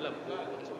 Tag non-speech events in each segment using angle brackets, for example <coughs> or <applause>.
了不，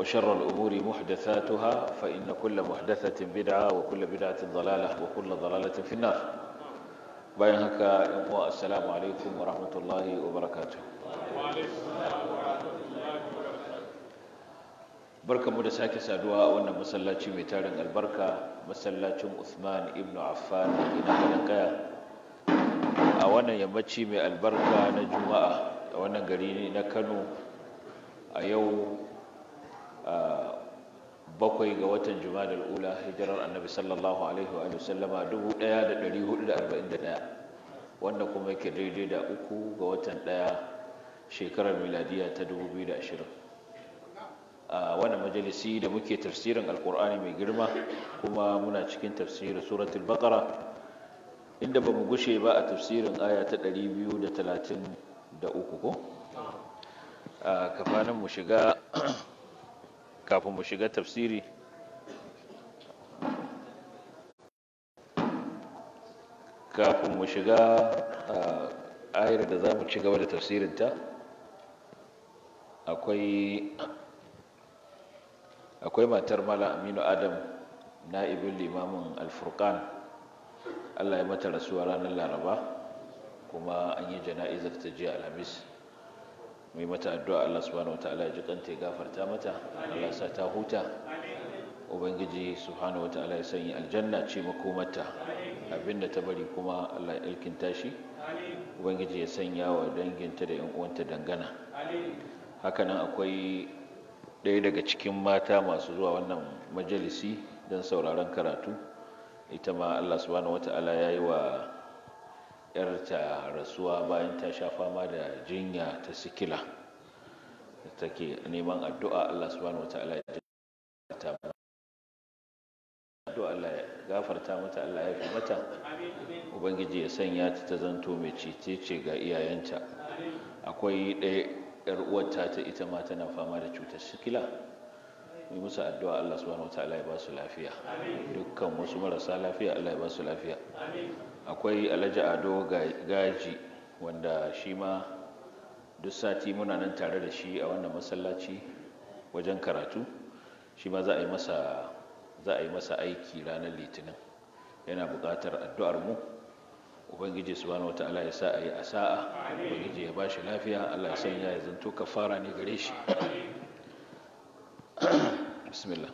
وشر الأمور محدثاتها فإن كل محدثة بدعة وكل بدعة ضلالة وكل ضلالة في النار بينك السلام عليكم ورحمة الله وبركاته barkan mu da sake saduwa a wannan masallaci mai tarin albarka masallacin Uthman ibn Affan ina ganin kaya a wannan mai albarka na Juma'a a wannan gari na Kano a yau bakwai ga watan juma'a ula hijirar annabi sallallahu alaihi wa sallama 1441 wanda kuma yake daidai da uku ga watan daya shekarar miladiya ta da a wannan majalisi da muke tafsirin alkur'ani mai girma kuma muna cikin tafsirin suratul baqara inda ba mu gushe ba a tafsirin aya ta biyu uku ko kafanin mu shiga kafin mu shiga tafsiri kafin mu shiga ayar da za mu ci gaba da tafsirinta ta, akwai matar mala aminu adam na ibin limamin alfurkan allah ya mata rasuwa ranar laraba kuma an yi jana'izar ta jiya alhamis mai mata addu'a Allah subhanahu wataala ya ji kanta ya gafarta mata Allah sa ta huta ubangiji subhanahu wataala ya sanya aljanna ce makomarta abinda ta bari kuma Allah ya ilkinta shi ubangiji ya sanya wa danginta da yan uwanta dangana hakanan akwai ɗaya daga cikin mata masu zuwa wannan majalisi don sauraron karatu ita ma Allah subhanahu wataala ya yi wa yarta rasuwa bayan ta sha fama da jinya ta sikila da take neman addu'a Allah subhanahu wataala ya ta addu'a Allah ya gafarta mata Allah ya fi mata ubangiji ya sanya ta ta zanto mai cece ce ga iyayenta akwai ɗaya yar uwarta ta ita ma tana fama da cutar sikila yi musu addu'a Allah subhanahu wataala ya ba su lafiya dukkan wasu marasa lafiya Allah ya ba su lafiya akwai alhaji ado gaji wanda shi ma duk sati muna nan tare da shi a wannan masallaci wajen karatu shi ma za a yi masa a yi masa aiki ranar litinin yana bukatar addu'ar mu ubangiji su wata ala ya sa a yi asa'a ubangiji ya shi lafiya Allah ya san ya yi zanto fara ne gare shi <coughs> bismillah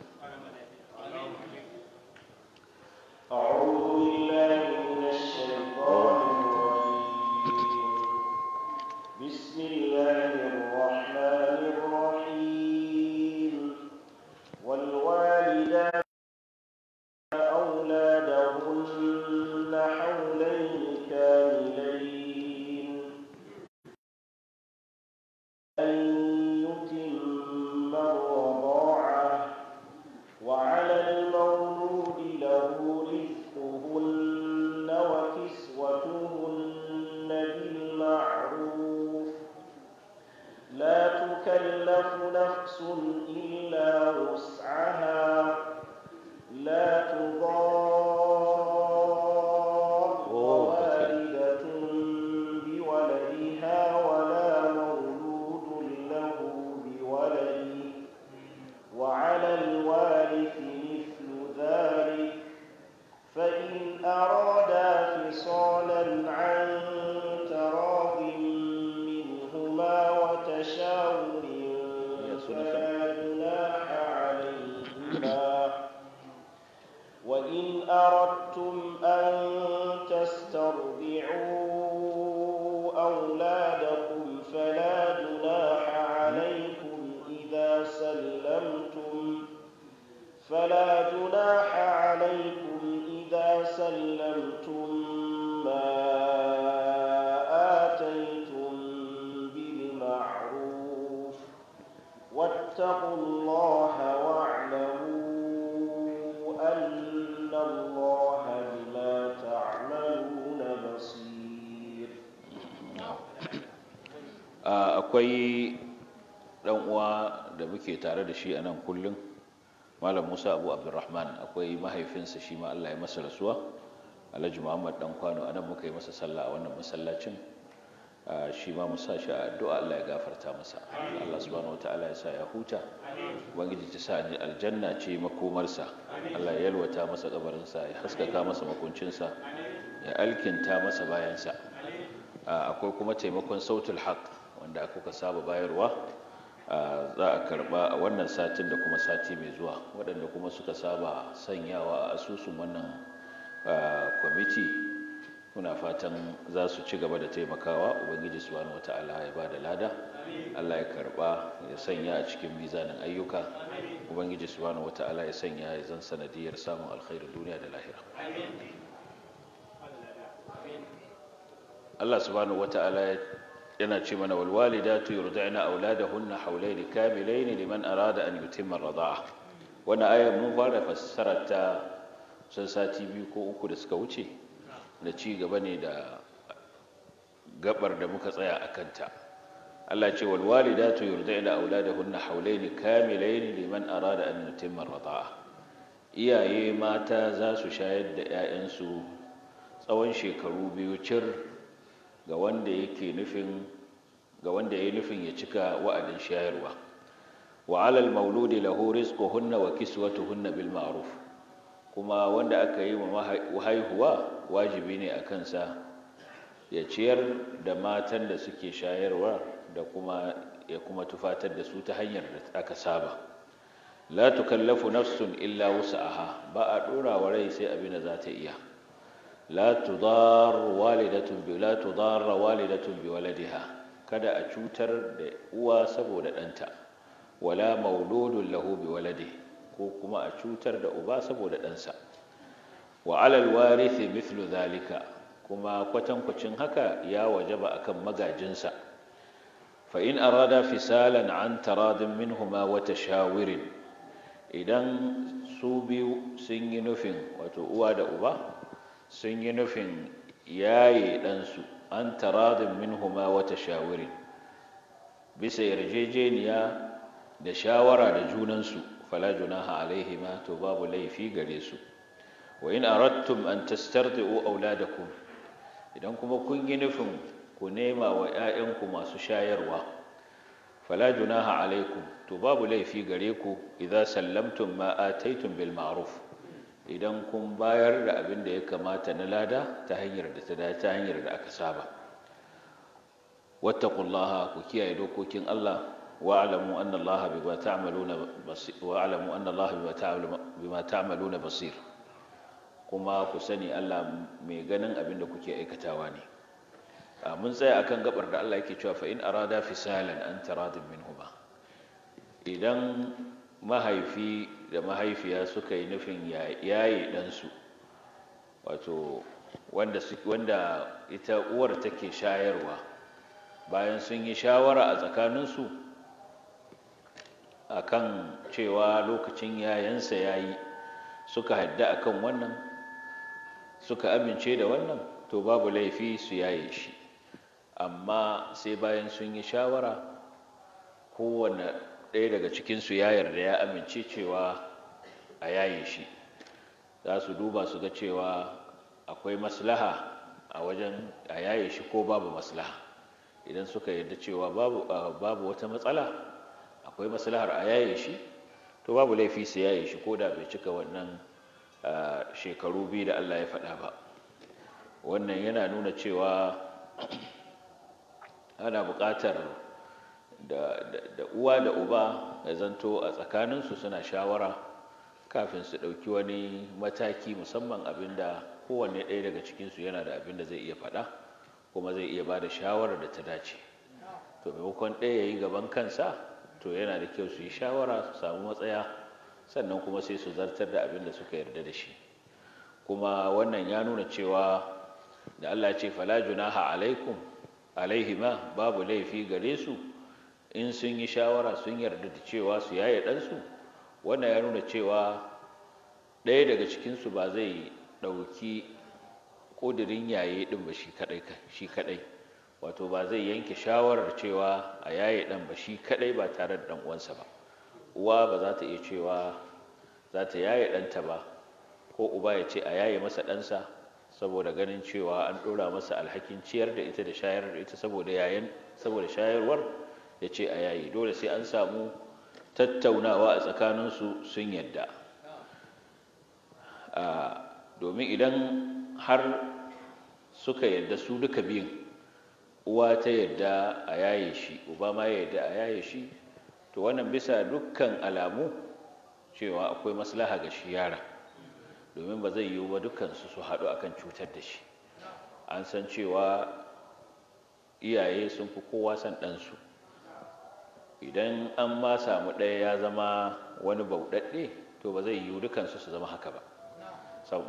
shi a nan kullum malam musa abu abdurrahman akwai mahaifinsa shi ma allah ya masa rasuwa alhaji muhammad dan kwano a nan muka yi masa sallah a wannan masallacin shi ma musa shi a addu'a allah ya gafarta masa allah subhanahu wa ta'ala ya sa ya huta ubangiji ta sa aljanna ce makomarsa allah ya yalwata masa kabarinsa ya haskaka masa makuncinsa ya alkinta masa bayansa akwai kuma taimakon sautul haq wanda kuka saba bayarwa za a karba a wannan satin da kuma sati mai zuwa waɗanda kuma suka saba sanyawa a asusun wannan kwamiti kuna fatan za su ci gaba da taimakawa ubangiji su wata wata'ala ya ba da lada allah ya karba ya sanya a cikin mizanin ayyuka ubangiji su wata wata'ala ya sanya ya zan sanadiyar samun alkhairin duniya da lahira allah wata'ala ya yana ce mana wal walidatu yurda'na auladahunna hawlayn kamilayn liman arada an yutimma ar-rida'a wannan aya mun fara fassarar ta sun sati biyu ko uku da suka wuce da ci gaba ne da gabar da muka tsaya a kanta Allah ce wal walidatu yurda'na auladahunna hawlayn kamilayn liman arada an yutimma ar-rida'a iyaye mata za su shayar da 'ya'yansu tsawon shekaru biyu cir ga wanda yake nufin ga wanda nufin ya cika wa'adin shayarwa wa alal mauludi lahu rizquhunna wa kiswatuhunna bil ma'ruf kuma wanda aka yi wa haihuwa wajibi ne a kansa ya ciyar da matan da suke shayarwa da kuma ya kuma tufatar da su ta hanyar da aka saba la tukallafu nafsun illa wusa'aha ba a dora wa rai sai abin da za ta iya la tudar walidatun bi la tudar walidatun bi waladiha kada a cutar da uwa saboda ɗanta wala mauludun lahu bi waladi ko kuma a cutar da uba saboda ɗansa wa alal warithi mithlu zalika kuma kwatankwacin haka ya wajaba akan magajinsa fa in arada fisalan an taradin minhuma wa tashawirin idan su biyu sun yi nufin wato uwa da uba sun yi nufin yaye ɗansu an taradin minhuma wata shawirin bisa yarjejeniya da shawara da junansu fala junaha alaihima to babu laifi gare su wa in aradtum an tastardi'u auladakum idan kuma kun yi nufin ku nema wa 'ya'yanku masu shayarwa fala junaha alaikum to babu laifi gare ku idan sallamtum ma bil ma'ruf idan kun bayar da abin da ya kamata na lada ta hanyar da ta dace ta hanyar da aka saba wattaqullaha ku kiyaye dokokin Allah wa alamu anna Allah bima ta'maluna basir wa alamu anna Allah bima ta'maluna basir kuma ku sani Allah mai ganin abin da kuke aikatawa ne mun tsaya akan gabar da Allah yake cewa fa in arada fisalan an taradin minhuma idan mahaifi da mahaifiya suka yi nufin yaye ɗansu wato wanda, ita uwar take shayarwa bayan sun yi shawara a tsakaninsu a kan cewa lokacin yayansa ya yi suka hadda a kan wannan suka amince da wannan to babu laifi su yaye shi amma sai bayan sun yi shawara kowane ɗaya daga cikinsu ya yarda ya amince cewa a yayin shi za su duba su ga cewa akwai maslaha a wajen a yayin shi ko babu maslaha idan suka yarda cewa babu wata matsala akwai maslahar a yayin shi to babu laifi su yayin shi ko da bai cika wannan shekaru biyu da allah ya faɗa ba wannan yana nuna cewa <clears throat> ana buƙatar da uwa da uba ya zanto a tsakaninsu suna shawara kafin su ɗauki wani mataki musamman abin da kowanne ɗaya daga cikinsu yana da abin da zai iya faɗa kuma zai iya bada da shawarar da ta dace to maimakon ɗaya ya yi gaban kansa to yana da kyau su yi shawara su samu matsaya sannan kuma sai su zartar da abin da suka yarda da shi kuma wannan ya nuna cewa da allah ce fala junaha alaikum alaihima babu laifi gare su in sun yi shawara sun yarda da cewa su yaye ɗansu wannan ya nuna cewa ɗaya daga cikinsu ba zai ɗauki ƙudurin yaye ɗin ba shi kaɗai wato ba zai yanke shawarar cewa a yaye ɗan ba shi kaɗai ba tare da ɗan uwansa ba uwa ba za ta iya cewa za ta yaye ɗanta ba ko uba ya ce a yaye masa ɗansa saboda ganin cewa an ɗora masa alhakin ciyar da ita da shayar ita saboda yayan saboda shayarwar ya ce a yayi dole sai an samu tattaunawa a tsakaninsu sun yadda domin idan har suka yadda su duka biyun uwa ta yadda a yaye shi uba ma ya yadda a yaye shi to wannan bisa dukkan alamu cewa akwai maslaha ga shi yara domin ba zai yiwu ba dukkansu su haɗu akan cutar da shi an san cewa iyaye sun fi kowa san ɗansu idan an ma samu ɗaya ya zama wani bauɗaɗɗe to ba zai yiwu dukansu su zama haka ba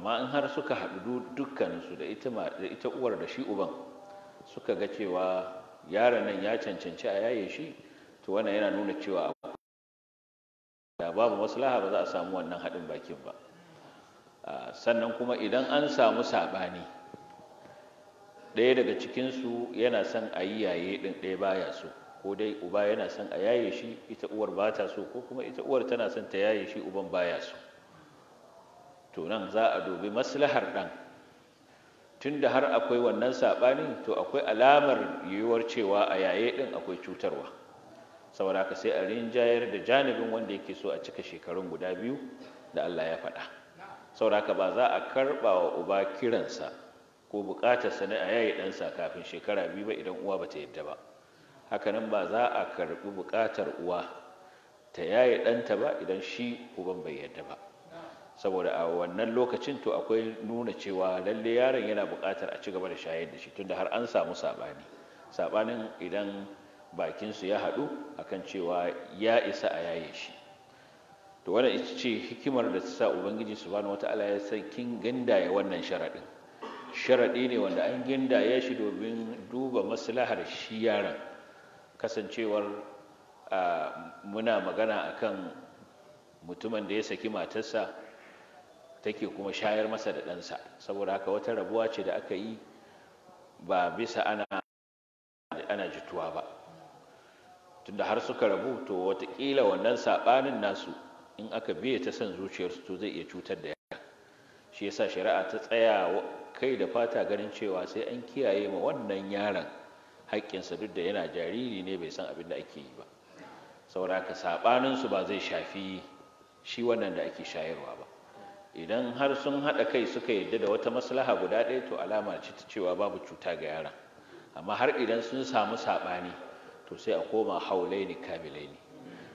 ma in har suka haɗu dukansu da ita uwar da shi uban suka ga cewa yaron nan ya cancanci a yaye shi to wannan yana nuna cewa da babu maslaha ba za a samu wannan haɗin bakin ba sannan kuma idan an samu saɓani ɗaya daga cikinsu yana son a yi yaye ɗin ɗaya baya so ko dai uba yana son a yaye shi ita uwar ba ta so ko kuma ita uwar tana son ta yaye shi uban baya so to nan za a dubi maslahar ɗan tunda har akwai wannan saɓanin to akwai alamar yiwuwar cewa a yaye ɗin akwai cutarwa saboda ka sai a rinjayar da janibin wanda yake so a cika shekarun guda biyu da Allah ya faɗa saboda haka ba za a karɓa wa uba kiransa ko buƙatarsa na a yaye ɗansa kafin shekara biyu ba idan uwa ba ta yadda ba hakanan ba za a karbi bukatar uwa ta yaye ɗanta ba idan shi uban bai yadda ba saboda a wannan lokacin to akwai nuna cewa lalle yaron yana bukatar a ci gaba da shayar da shi tunda har an samu sabani sabanin idan bakin su ya haɗu akan cewa ya isa a yaye shi to wannan ita ce hikimar da ta sa ubangiji subhanahu wataala ya san kin gindaya wannan sharadin, sharadi ne wanda an gindaye shi domin duba maslahar shi yaron kasancewar muna magana akan mutumin da ya saki matarsa take kuma shayar masa da ɗansa saboda haka wata rabuwa ce da aka yi ba bisa ana jituwa ba tunda har suka rabu to watakila wannan saɓanin nasu in aka biya ta son zuciyarsu to zai iya cutar da yaya? shi yasa shari'a ta tsaya kai da fata ganin cewa sai an kiyaye ma wannan yaron haƙƙinsa duk da yana jariri ne bai san abin da ake yi ba saboda haka saɓaninsu ba zai shafi shi wannan da ake shayarwa ba idan har sun haɗa kai suka yadda da wata maslaha guda ɗaya to alama ce ta cewa babu cuta ga yaran amma har idan sun samu saɓani to sai a koma haulai haulaini kamilaini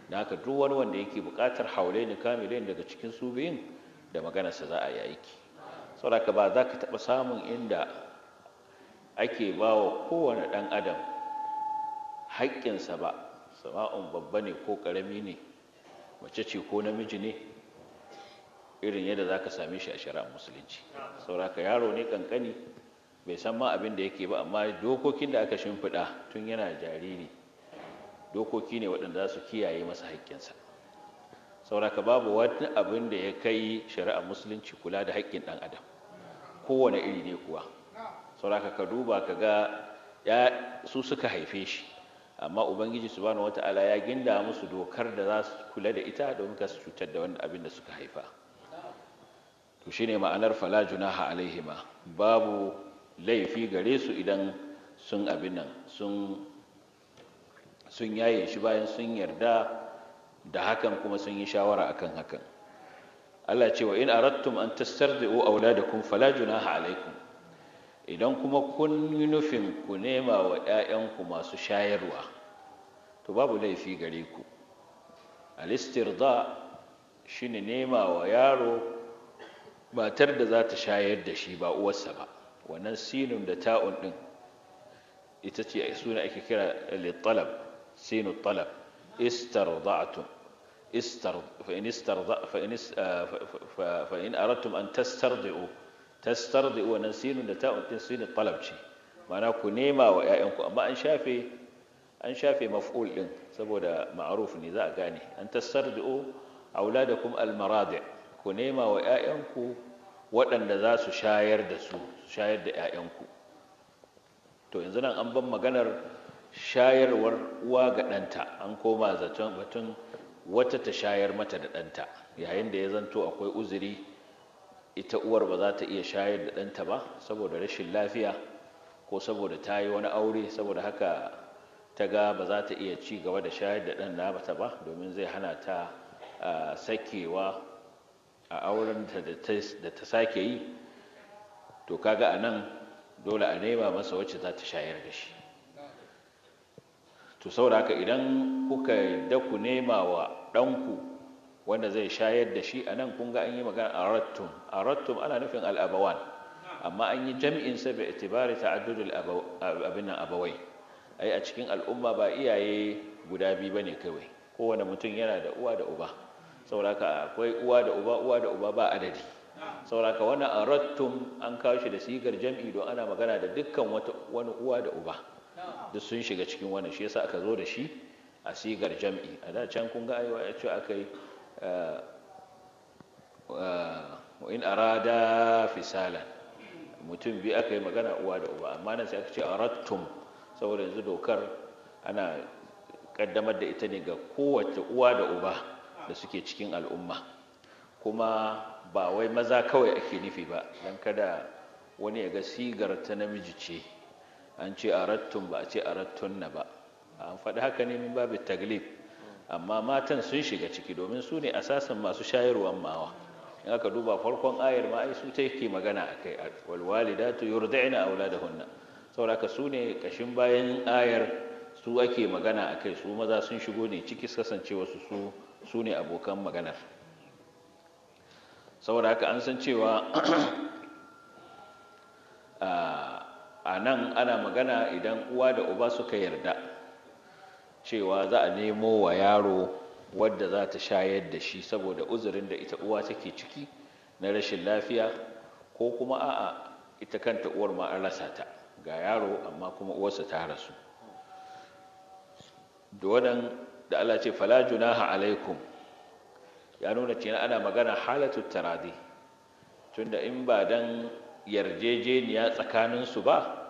ne, haka duk wani wanda yake buƙatar haulai haulaini ne daga cikin su biyun da maganarsa za a yi aiki sauraka ba za ka taɓa samun inda ake ba wa kowane ɗan adam haƙƙinsa ba sama'un babba ne ko ƙarami ne mace ce ko namiji ne irin yadda za ka same shi a shari'ar musulunci sauraka yaro ne ƙanƙani bai san ma abin da yake ba amma dokokin da aka shimfiɗa tun yana jariri dokoki ne waɗanda za su kiyaye masa haƙƙinsa sauraka babu wani abin da ya kai shari'ar musulunci kula da haƙƙin ɗan adam kowane iri ne kuwa sauraka ka duba ka ga ya su suka haife shi amma ubangiji wata ala ya ginda musu dokar da za su kula da ita domin ka su cutar da wanda abin da suka haifa to shine ma'anar fala junaha alaihima babu laifi gare su idan sun abin nan sun yaye shi bayan sun yarda da hakan kuma sun yi shawara akan hakan Allah ce wa in arattum an da auladakum fala junaha alaikum idan kuma kun yi nufin ku nema wa 'ya'yanku masu shayarwa to babu laifi gare ku alistirda shi ne nema wa yaro matar da za ta shayar da shi ba uwarsa ba wannan sinun da ta'un ɗin ita ce suna ake kira littalab sinu talab istar istar istarda'atun فإن aratum an تسترضعوا tastardi nan sinun da ta'un din sinu talab ce ma'ana ku nema wa 'ya'yanku. amma an shafe an shafe maf'ul din saboda ma'ruf ne za a gane an da kuma almaradi ku nema wa 'ya'yanku waɗanda za su shayar da su shayar da 'ya'yanku. to yanzu nan an ban maganar shayarwar uwa ga ɗanta an koma zaton batun wata ta shayar mata da ɗanta yayin da ya zanto akwai uzuri ita uwar ba za ta iya shayar da ɗanta ba saboda rashin lafiya ko saboda ta yi wani aure saboda haka ta ga ba za ta iya ci gaba da shayar da ɗan nabata ba domin zai hana ta sakewa a auren da ta sake yi to kaga a nan dole a nema masa wacce za ta shayar da shi to saboda haka idan kuka da ku nema wa ɗanku wanda zai shayar da shi a nan kun ga an yi magana arattum arattum ana nufin al'abawan amma an yi jami'in sa bi itibari ta'addudul abin abawai ai a cikin al'umma ba iyaye guda biyu bane kawai kowane mutum yana da uwa da uba sauraka akwai uwa da uba uwa da uba ba adadi sauraka wannan arattum an kawo shi da sigar jami'i don ana magana da dukkan wani uwa da uba duk sun shiga cikin wannan shi yasa aka zo da shi a sigar jami'i a da can kun ga ayyuka aka yi Eh, eh, wa in arada fisalan mutum biyu aka yi magana uwa da uba amma nan sai aka ce arattum saboda yanzu dokar ana kaddamar da ita ne ga kowace uwa da uba da suke cikin al'umma kuma ba wai maza kawai ake nufi ba don kada wani ya ga sigar ta namiji ce an ce arattum ba a ce arattunna ba an faɗi haka ne min babu taglib amma matan sun shiga ciki domin su ne asasin masu shayarwar mawa in aka duba farkon ayar ma ai su ta yake magana a kai walwalidatu yurda'ina hunna sauraka su ne kashin bayan ayar su ake magana a kai su maza sun shigo ne ciki kasance wasu su ne abokan maganar sauraka haka an san cewa <clears throat> a nan ana magana idan uwa da uba suka yarda cewa za a nemo wa yaro wadda za ta shayar da shi saboda uzurin da ita uwa take ciki na rashin lafiya ko kuma a'a ita kanta uwar ma an rasa ta ga yaro amma kuma uwarsa ta rasu da wannan da Allah ce fala junaha alaikum ya nuna cewa ana magana halatu taradi tunda in ba dan yarjejeniya tsakanin su ba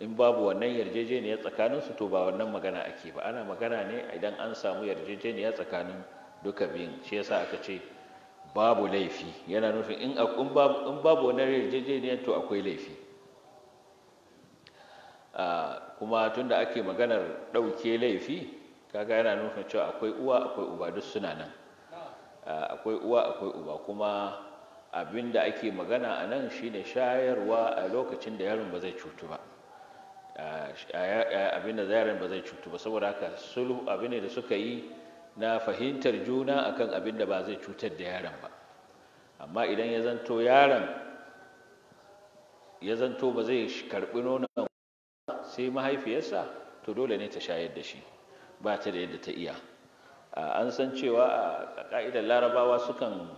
in babu wannan yarjejeniya tsakanin su to ba wannan magana ake ba ana magana ne idan an samu yarjejeniya tsakanin duka biyun shi yasa aka ce babu laifi yana nufin in babu wannan yarjejeniya to akwai laifi kuma tunda ake maganar ɗauke laifi kaga yana nufin cewa akwai uwa akwai uba duk suna nan akwai uwa akwai uba kuma abin da ake magana a nan shine shayarwa a lokacin da yaron ba zai cutu ba abin da yaron ba zai cutu ba saboda haka sulhu abin ne da suka yi na fahimtar juna akan abin da ba zai cutar da yaran ba amma idan ya zanto yaron ya zanto ba zai karɓi nonon sai mahaifiyarsa to dole ne ta shayar da shi ba ta da yadda ta iya an san cewa a ƙa'idar larabawa sukan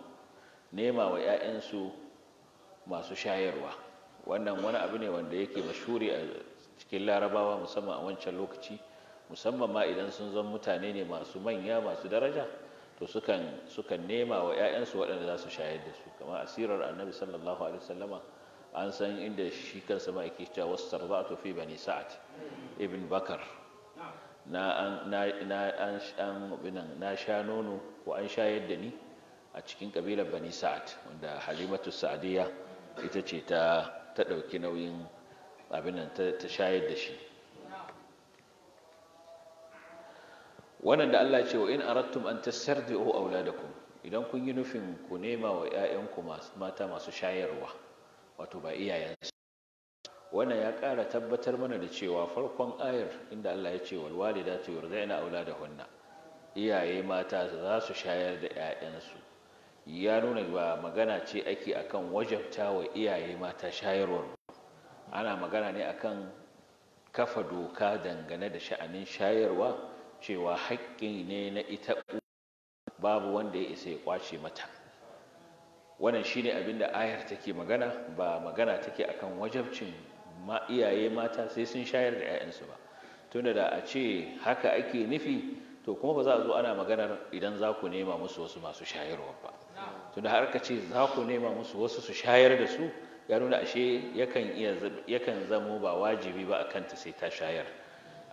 nema wa 'ya'yansu masu shayarwa wannan wani abu ne wanda yake mashuri cikin larabawa musamman a wancan lokaci musamman ma idan sun zan mutane ne masu manya masu daraja to sukan nema wa 'ya'yansu waɗanda za su shayar da su kamar asirar annabi sallallahu alaihi wasallama an san inda shi kansa ma ake cewa wasu wasarbatu fi bani sa'ad ibn bakar na sha nono ko an shayar da ni a cikin kabilar bani sa'ad wanda halimatu sa'adiyya ita ce ta ɗauki nauyin abin nan ta shayar da shi wannan da Allah ce wa in arattum an o auladakum idan kun yi nufin ku nema wa 'ya'yanku mata masu shayarwa wato ba iyayensu wannan ya kara tabbatar mana da cewa farkon ayar inda Allah ya ce wal walidatu da auladahunna iyaye mata za su shayar da 'ya'yansu ya nuna ba magana ce ake akan wajabta wa iyaye mata shayarwar ana magana ne akan kafa doka dangane da sha'anin shayarwa cewa haƙƙi ne na ita babu wanda ya isa ya kwace mata wannan shine abin da ayar take magana ba magana take akan wajabcin ma iyaye mata sai sun shayar da 'ya'yansu ba tunda da a ce haka ake nufi to kuma ba za a zo ana maganar idan za ku nema musu wasu masu shayarwa ba tunda har ka ce za ku nema musu wasu su shayar da su ya nuna ashe yakan zamo ba wajibi ba akan ta sai ta shayar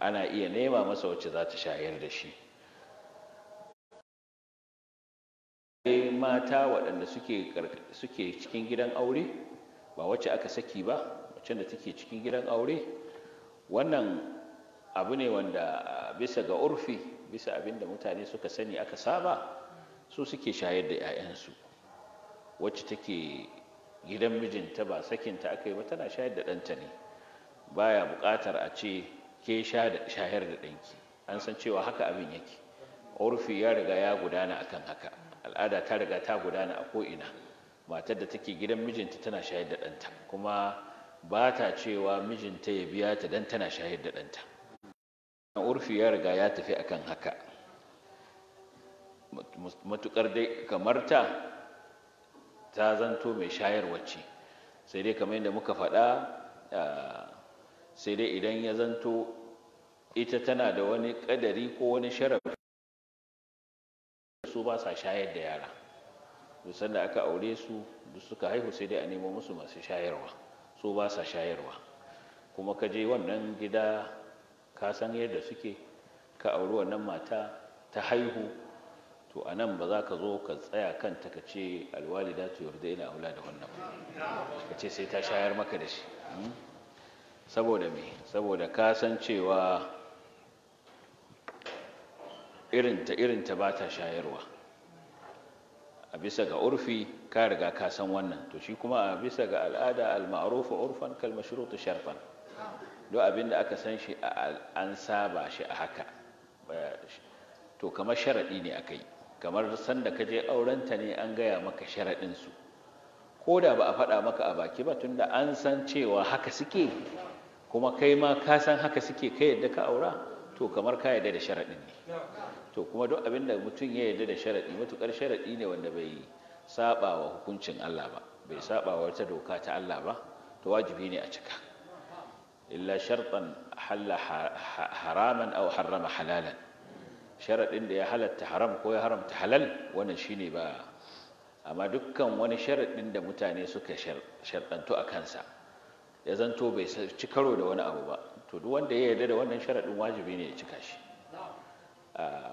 ana iya nema masa wacce za ta shayar da shi mata waɗanda suke suke cikin gidan aure ba wacce aka saki ba wacce da take cikin gidan aure wannan abu ne wanda ah, bisa ga urfi bisa abin da mutane suka sani aka saba su suke shayar da 'ya'yansu wacce take gidan mijinta ba sakinta aka yi ba tana shayar da ɗanta ne baya buƙatar a ce ke shayar da ɗanki an san cewa haka abin yake urfi ya riga ya gudana akan haka al'ada ta riga ta gudana a ko'ina matar da take gidan mijinta tana shayar da ɗanta kuma ba ta cewa mijinta ya biya ta don tana shayar da ɗanta urfi ya riga ya tafi akan haka matukar dai kamar ta ta zanto mai shayar wacce sai dai kamar yadda muka faɗa sai dai idan ya zanto ita tana da wani ƙadari ko wani sharafi su ba sa shayar da yara dusan da aka aure su duk suka haihu sai dai a nemo musu masu shayarwa su ba sa shayarwa kuma ka je wannan gida ka san yadda suke ka auri wannan mata ta haihu to a nan ba za ka zo ka tsaya kanta ka ce alwalida to yarda ina aula da wannan ka ce sai ta shayar maka da shi hmm? saboda me saboda ka san cewa irinta irinta ba ta shayarwa a bisa ga urfi ka riga ka san wannan to shi kuma a bisa ga al'ada al-ma'rufu urfan kal mashrutu sharfan do abin da aka san shi an saba shi a haka to kamar sharaɗi ne aka yi kamar sanda ka je aurenta ne an gaya maka sharaɗinsu ko da ba a faɗa maka a baki ba tunda an san cewa haka suke kuma kai ma ka san haka suke kai yadda ka aura to kamar ka yadda da sharaɗin ne to kuma duk abin da mutum ya yadda da sharaɗi matuƙar sharaɗi ne wanda bai saba wa hukuncin Allah ba bai saba wa wata doka ta Allah ba to wajibi ne a cika illa shartan halla haraman aw harrama halalan sharaɗin da ya halatta haram ko ya haramta halal wannan shine ba amma dukkan wani sharaɗin da mutane suka sharɗantu a kansa ya zanto bai ci karo da wani abu ba to duk wanda ya yarda da wannan sharaɗin wajibi ne ya cika shi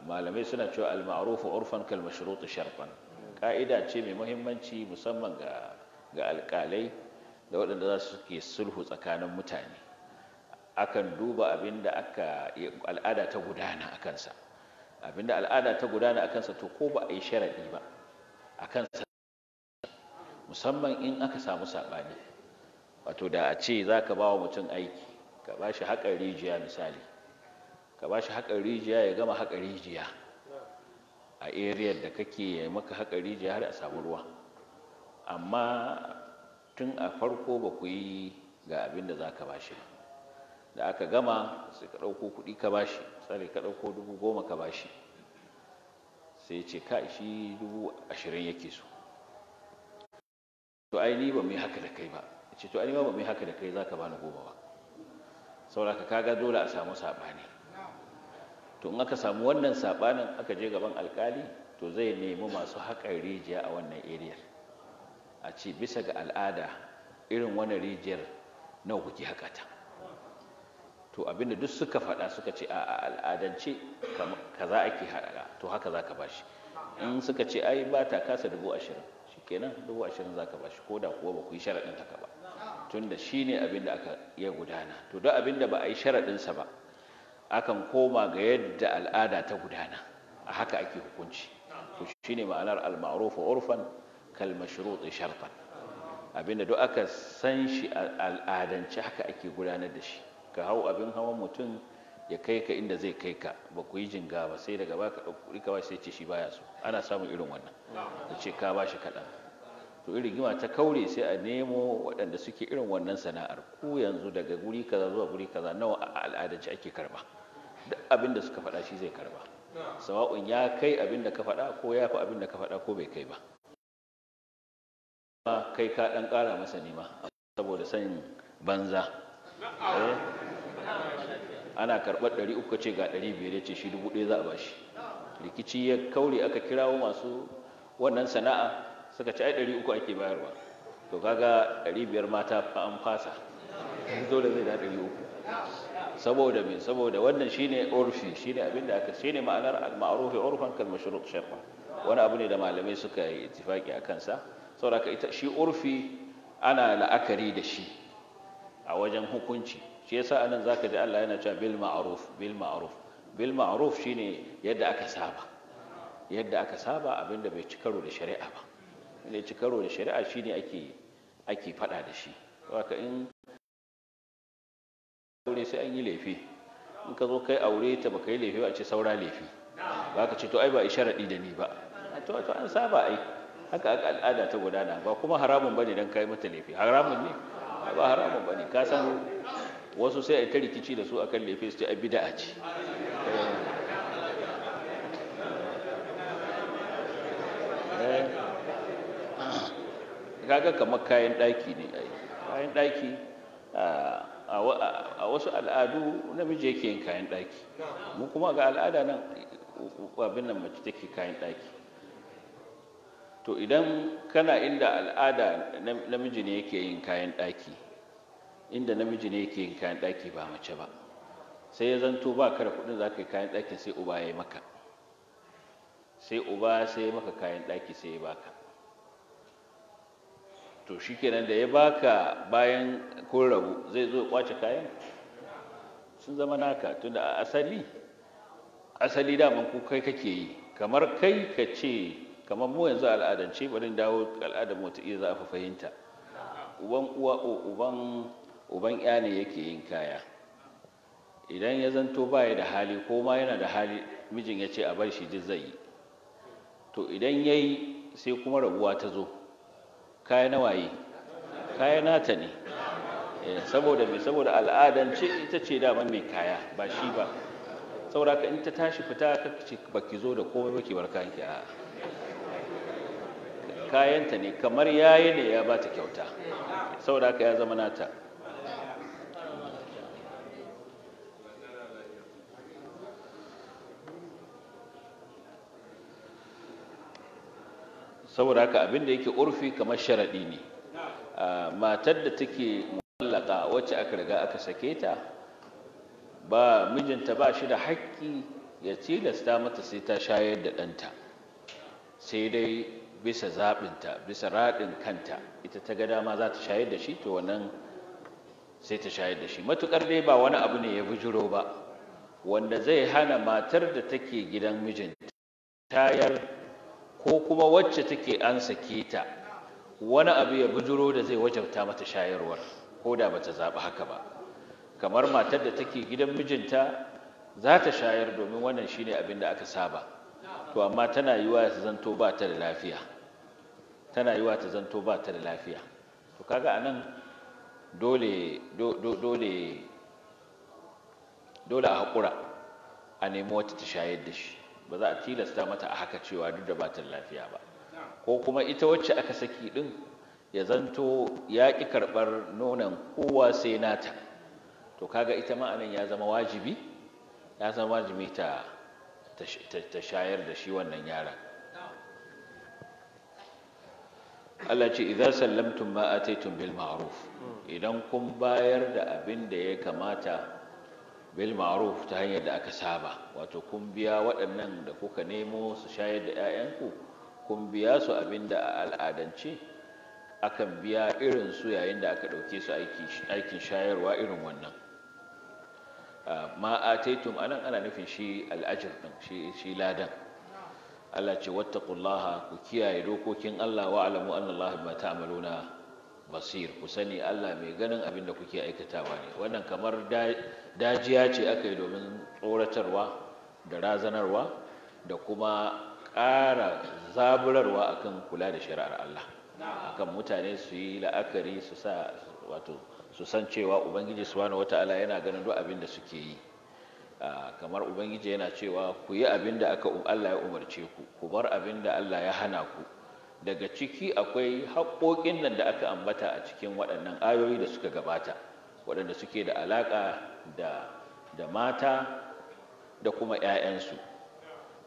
malamai suna cewa al-ma'rufu urfan kal mashrutu sharfan ka'ida ce mai muhimmanci musamman ga ga alƙalai da waɗanda za su ke sulhu tsakanin mutane akan duba abin da aka al'ada ta gudana a kansa abinda al'ada ta gudana a kansa to ko ba a yi sharaɗi ba a kansa musamman in aka samu saɓani wato da a ce za ka ba wa mutum aiki ka ba shi haƙar rijiya misali ka ba shi haƙar rijiya ya gama haƙar rijiya a ariyar da kake ya maka haƙar rijiya har a samu ruwa amma tun a farko ba ku yi ga abin da za ka ba shi da aka gama sai ka ɗauko kuɗi ka ba shi Sare ka ɗauko dubu goma ka bashi sai ce ka shi dubu ashirin yake so to aini ni ba mai haka da kai ba ce to aini ba mai haka da kai za ka ba bani goma ba ka ga dole a samu saɓani to in aka samu wannan saɓanin aka je gaban alkali to zai nemi masu haƙar rijiya a wannan eriyar a ce bisa ga al'ada irin wani rijiyar nawa kuke haƙata to abinda duk suka faɗa suka ce a al'adance kaza ake haɗa to haka za ka bashi in suka ce ai ba ta kasa dubu ashirin kenan dubu ashirin za ka bashi ko da kuwa ba ku yi sharaɗin ka ba tunda shi ne abin da aka ya gudana to duk abin da ba a yi sharaɗinsa ba akan koma ga yadda al'ada ta gudana a haka ake hukunci to shi ne ma'anar al orfan, urfan kal mashrut abinda duk aka san shi al'adance haka ake gudanar da shi ka hau abin hawan mutum ya kai ka inda zai kai ka ba ku yi jinga ba sai daga ba ka ɗauki ba sai ce shi baya so ana samun irin wannan da ce ka ba shi kaɗan to irin gima ta kaure sai a nemo waɗanda suke irin wannan sana'ar ku yanzu daga guri kaza zuwa guri kaza nawa a al'adance ake karba duk abin da suka faɗa shi zai karba sawa'un ya kai abin da ka faɗa ko ya fi abin da ka faɗa ko bai kai ba kai ka ɗan ƙara masa nema saboda sanin banza eh? ana karɓar ɗari uku ce ga ɗari biyar ya ce shi dubu ɗaya za a bashi rikici ya kauri aka kirawo masu wannan sana'a suka ci ai ɗari uku ake bayarwa to kaga ɗari biyar mata fa an fasa <laughs> dole zai da ɗari uku saboda me saboda wannan shine urfi shine abinda aka shine ma'anar al-ma'ruf urfan kal mashruq wani abu ne da malamai suka yi ittifaki a kansa saboda ita shi urfi ana la'akari da shi a wajen hukunci shi yasa anan zaka ji Allah yana cewa bil ma'ruf bil ma'ruf bil ma'ruf shine yadda aka saba yadda aka saba abinda bai ci karo da shari'a ba ne ci karo da shari'a shine ake ake fada da shi haka in aure sai an yi laifi in ka zo kai aure ta baka yi laifi ba a ce saura laifi Baka ce to ai ba sharadi da ni ba to to an saba ai haka aka al'ada ta gudana ba kuma haramun bane dan kai mata laifi haramun ne ba haramun bane ka san wasu sai a yi ta rikici da su akan lefe su ce ai bid'a ce eh. kaga kamar kayan ɗaki ne ai kayan ɗaki a wasu al'adu namiji yake yin kayan ɗaki mu kuma ga al'ada nan abin nan mace take kayan ɗaki to idan kana inda al'ada namiji ne yake yin kayan ɗaki inda namiji ne yake yin kayan ɗaki ba mace ba sai ya zanto ba ka da kuɗin za ka yi kayan ɗakin sai uba ya yi maka sai uba sai ya maka kayan ɗaki sai ya baka to shi kenan da ya baka bayan ko rabu zai zo kwace kayan sun zama naka tunda a asali asali daman ku kai kake yi kamar kai ka ce kamar mu yanzu al'adance bari dawo al'adar mu ta iya za a fahimta uban uwa uban uban ya ne yake yin kaya idan ya zanto baya da hali ko ma yana da hali mijin ya ce a bar shi ji zai yi to idan ya yi sai kuma rabuwa ta zo kaya na waye kaya nata ne eh, saboda mai saboda al'adance ita ce dama mai kaya ba shi ba saboda ka in ta tashi fita ka ce baki zo da komai baki bar kayan ki a kayanta ne kamar yayi ne ya ba ta kyauta saboda ka ya zama nata saboda haka abin da yake urfi kamar sharaɗi ne ah, matar da take mallaka wacce aka riga aka sake ta ba mijinta ba shi da haƙƙi ya tilasta mata sai ta shayar da ɗanta sai dai bisa zaɓinta bisa raɗin kanta ita ta ga dama za ta shayar da shi to wannan sai ta shayar da shi matuƙar dai ba wani abu ne ya bujiro ba wanda zai hana matar da take gidan mijinta tayar ko kuma wacce take an sake ta wani abu ya bujuro da zai wajabta mata shayarwar ko da bata zaɓi haka ba kamar matar da take gidan mijinta za ta shayar domin wannan shine abin da aka saba to amma tana yiwa ta zanto ba ta da lafiya tana yiwa ta zanto ba ta da lafiya to kaga anan dole dole dole a haƙura a nemi wata ta shayar da shi ba za a tilasta mata a haka cewa duk da batan lafiya ba ko kuma ita wacce aka saki din ya zanto ya ƙi karɓar nonon kowa sai nata to kaga ita ma'anin ya zama wajibi ya zama wajibi ta ta shayar da shi wannan yaron. Allah ce idan sallamtum ma bil ma'ruf idan kun bayar da abin da ya kamata bil ma'ruf ta hanyar da aka saba wato kun biya waɗannan da kuka nemo su shayar da 'ya'yanku kun biya su abin da a al'adance akan biya irin su yayin da aka ɗauke su aikin shayarwa irin wannan ah, ma ataitum anan ana nufin shi al'ajir ɗin shi ladan Allah ce wattaqullaha ku kiyaye dokokin Allah wa alamu anna Allah bima ta'maluna basir ku sani Allah mai ganin abin da kuke aikatawa ne wannan kamar da dajiya ce aka yi domin tsoratarwa da razanarwa da kuma ƙara zaburarwa akan kula da shari'ar Allah akan mutane su yi la'akari su sa wato su san cewa ubangiji subhanahu wata'ala yana ganin duk abin da suke yi kamar ubangiji yana cewa ku yi abin da aka Allah ya umarce ku ku bar abin da Allah ya hana ku daga ciki akwai haƙoƙin nan da aka ambata a cikin waɗannan ayoyi da suka gabata waɗanda suke da alaƙa da mata da kuma 'ya'yansu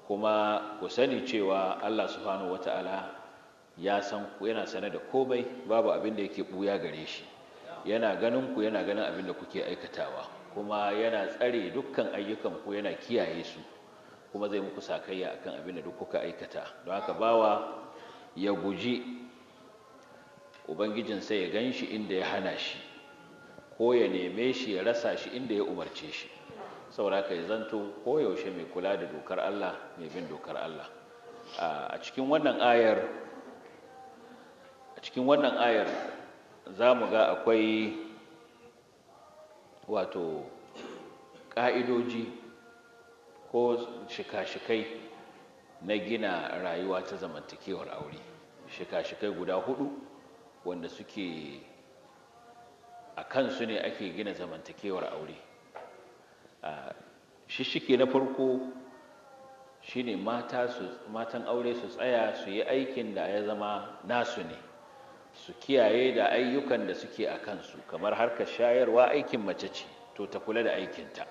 kuma ku sani cewa Allah subhanahu wata'ala ya san ku yana sane da komai babu abin da yake buya gare shi yana ganin ku yana ganin abin da kuke aikatawa kuma yana tsare dukkan ayyukan ku yana kiyaye su kuma zai muku sakayya akan abin da duk kuka aikata don haka bawa ya guji ubangijinsa ya gan shi inda ya hana shi ko ya neme shi ya rasa shi inda ya umarce shi sauraka ya yi zanto koyaushe mai kula da dokar Allah mai bin dokar Allah a cikin wannan ayar a cikin wannan ayar za mu ga akwai wato ƙa'idoji ko shika-shikai na gina rayuwa ta zamantakewar aure shika-shikai guda hudu wanda suke a kansu ne ake gina zamantakewar aure shishike na farko shine matan aure su tsaya su yi aikin da ya zama nasu ne su kiyaye da ayyukan da suke a kansu kamar harka shayarwa aikin mace ce to ta kula da aikinta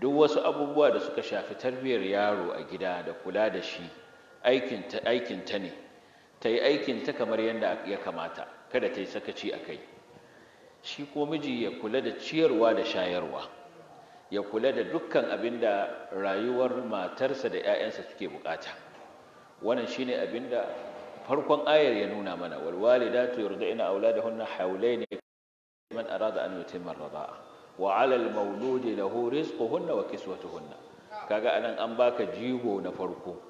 duk wasu abubuwa da suka shafi tarbiyyar yaro a gida da kula da shi aikinta ne ta yi aikinta kamar yadda ya kamata kada ta yi sakaci a kai shi ko miji ya kula da ciyarwa da shayarwa ya kula da dukkan abin da rayuwar matarsa da 'ya'yansa suke bukata wannan shine abin da farkon ayar ya nuna mana ina da yurdina haulai ne man arada an yutimma ar-rida'a wa mauludi da horis ko hunna wa hunna kaga anan an baka jigo na farko